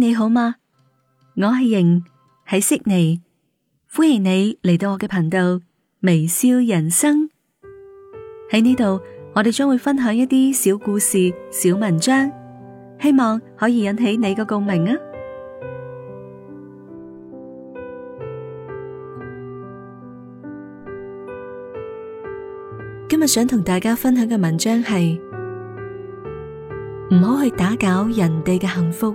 你好嗎？我係瑩，喺悉尼，歡迎你嚟到我嘅頻道微笑人生。喺呢度，我哋將會分享一啲小故事、小文章，希望可以引起你嘅共鳴啊！今日想同大家分享嘅文章係唔好去打攪人哋嘅幸福。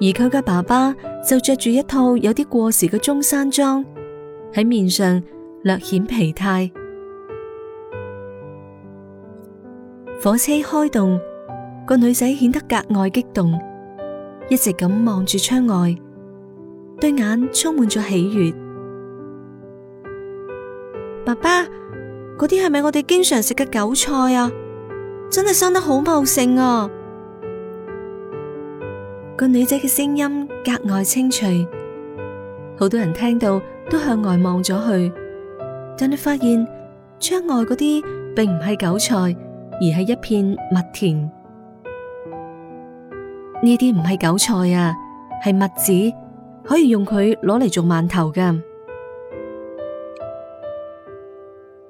而佢嘅爸爸就着住一套有啲過時嘅中山裝，喺面上略顯疲態。火車開動，個女仔顯得格外激動，一直咁望住窗外，對眼充滿咗喜悅。爸爸，嗰啲係咪我哋經常食嘅韭菜啊？真係生得好茂盛啊！個女仔嘅聲音格外清脆，好多人聽到都向外望咗去，但你發現窗外嗰啲並唔係韭菜，而係一片麥田。呢啲唔係韭菜啊，係麥子，可以用佢攞嚟做饅頭㗎。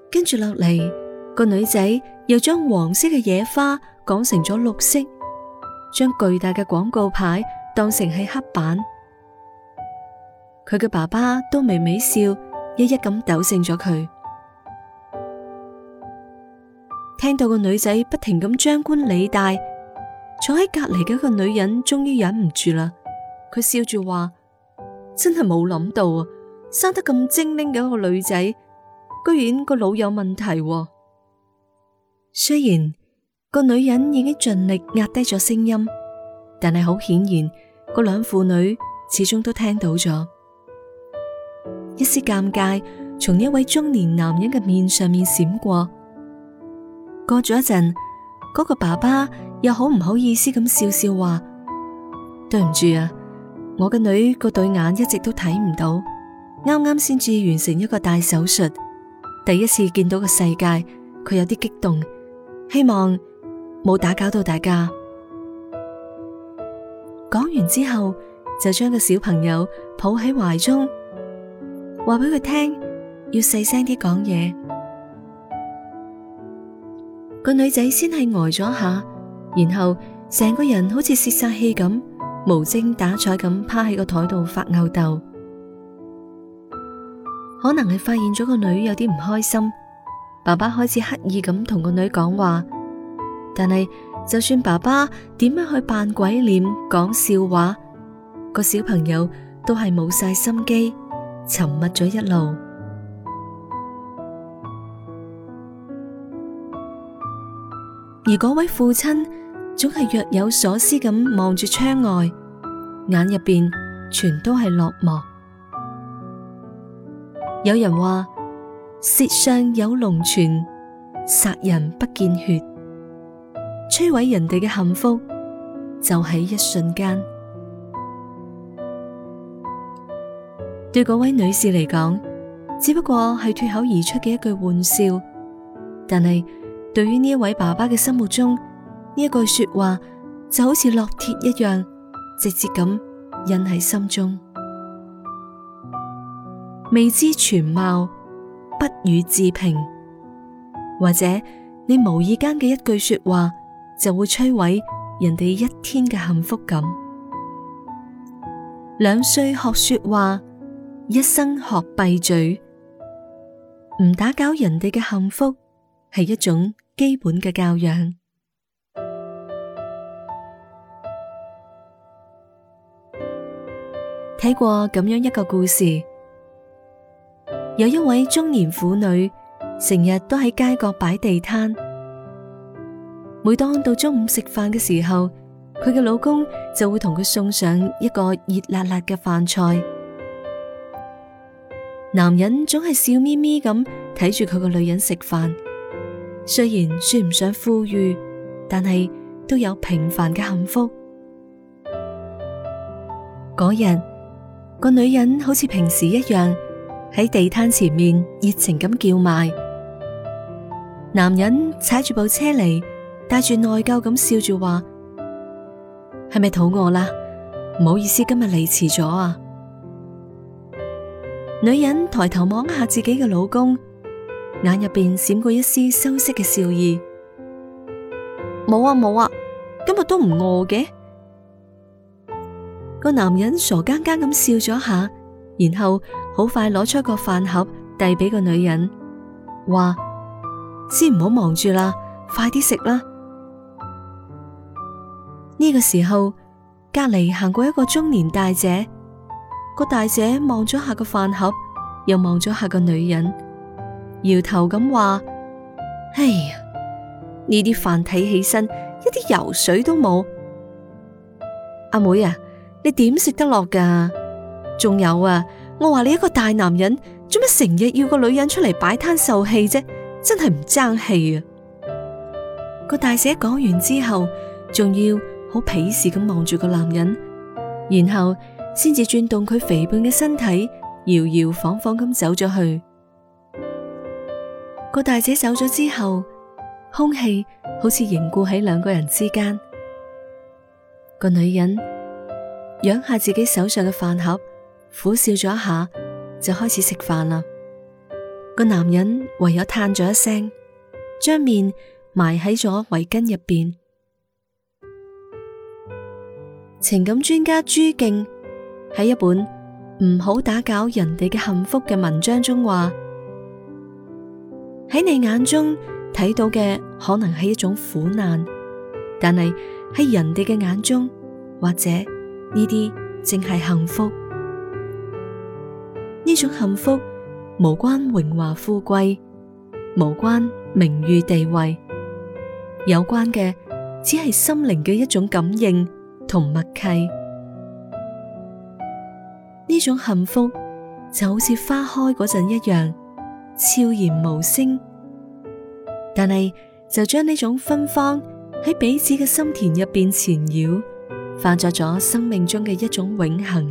跟住落嚟，個女仔又將黃色嘅野花講成咗綠色。將巨大嘅廣告牌當成係黑板，佢嘅爸爸都微微笑，一一咁糾正咗佢。聽到個女仔不停咁張冠李戴，坐喺隔籬嘅一個女人終於忍唔住啦，佢笑住話：真係冇諗到啊，生得咁精靈嘅一個女仔，居然個腦有問題喎。雖然。個女人已經盡力壓低咗聲音，但係好顯然，個兩父女始終都聽到咗。一絲尷尬從一位中年男人嘅面上面閃過。過咗一陣，嗰個爸爸又好唔好意思咁笑笑話：「對唔住啊，我嘅女個對眼一直都睇唔到，啱啱先至完成一個大手術，第一次見到個世界，佢有啲激動，希望。冇打攪到大家。講完之後，就將個小朋友抱喺懷中，話俾佢聽要細聲啲講嘢。個 女仔先係呆咗下，然後成個人好似泄晒氣咁，無精打采咁趴喺個台度發吽逗。可能係發現咗個女有啲唔開心，爸爸開始刻意咁同個女講話。但係，就算爸爸點樣去扮鬼臉、講笑話，個小朋友都係冇晒心機，沉默咗一路。而嗰位父親總係若有所思咁望住窗外，眼入邊全都係落寞。有人話：舌上有龍泉，殺人不見血。摧毀人哋嘅幸福就喺一瞬間。對嗰位女士嚟講，只不過係脱口而出嘅一句玩笑；但係對於呢一位爸爸嘅心目中，呢一句說話就好似烙鐵一樣，直接咁印喺心中。未知全貌，不予置評。或者你無意間嘅一句說話。就會摧毀人哋一天嘅幸福感。兩歲學說話，一生學閉嘴，唔打攪人哋嘅幸福，係一種基本嘅教養。睇過咁樣一個故事，有一位中年婦女，成日都喺街角擺地攤。每當到中午食飯嘅時候，佢嘅老公就會同佢送上一個熱辣辣嘅飯菜。男人總係笑眯眯咁睇住佢個女人食飯，雖然算唔上富裕，但係都有平凡嘅幸福。嗰日，個女人好似平時一樣，喺地攤前面熱情咁叫賣，男人踩住部車嚟。帶住內疚咁笑住話：係咪肚餓啦？唔好意思，今日嚟遲咗啊！女人抬頭望下自己嘅老公，眼入邊閃過一絲羞色嘅笑意。冇啊冇啊，今日都唔餓嘅。個男人傻更更咁笑咗下，然後好快攞出一個飯盒遞俾個女人，話：先唔好忙住啦，快啲食啦！呢個時候，隔籬行過一個中年大姐，個大姐望咗下個飯盒，又望咗下個女人，搖頭咁話：哎呀，呢啲飯睇起身，一啲油水都冇，阿妹啊，你點食得落㗎？仲有啊，我話你一個大男人，做乜成日要個女人出嚟擺攤受氣啫？真係唔爭氣啊！個大姐講完之後，仲要。好鄙視咁望住個男人，然後先至轉動佢肥胖嘅身體，搖搖晃晃咁走咗去。個大姐走咗之後，空氣好似凝固喺兩個人之間。個女人仰下自己手上嘅飯盒，苦笑咗一下，就開始食飯啦。個男人唯有嘆咗一聲，將面埋喺咗圍巾入邊。情感專家朱敬喺一本唔好打攪人哋嘅幸福嘅文章中話：喺你眼中睇到嘅可能係一種苦難，但係喺人哋嘅眼中或者呢啲正係幸福。呢種幸福無關榮華富貴，無關名譽地位，有關嘅只係心靈嘅一種感應。同默契，呢種幸福就好似花開嗰陣一樣，悄然無聲，但係就將呢種芬芳喺彼此嘅心田入邊纏繞，化作咗生命中嘅一種永恆。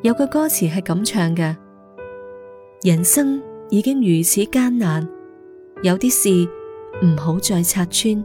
有個歌詞係咁唱嘅：人生已經如此艱難，有啲事唔好再拆穿。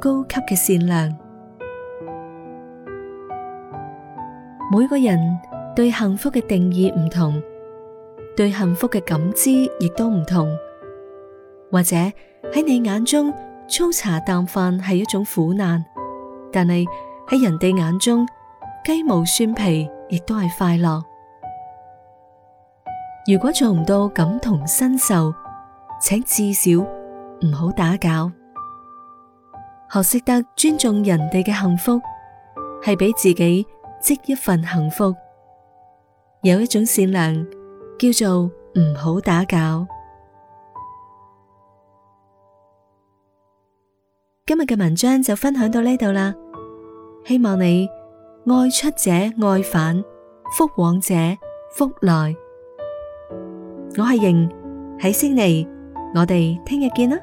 高級嘅善良。每個人對幸福嘅定義唔同，對幸福嘅感知亦都唔同。或者喺你眼中，粗茶淡飯係一種苦難，但係喺人哋眼中，雞毛蒜皮亦都係快樂。如果做唔到感同身受，請至少唔好打攪。學識得尊重人哋嘅幸福，係俾自己積一份幸福。有一種善良叫做唔好打攪。今日嘅文章就分享到呢度啦，希望你愛出者愛返，福往者福來。我係瑩喺悉尼，我哋聽日見啦。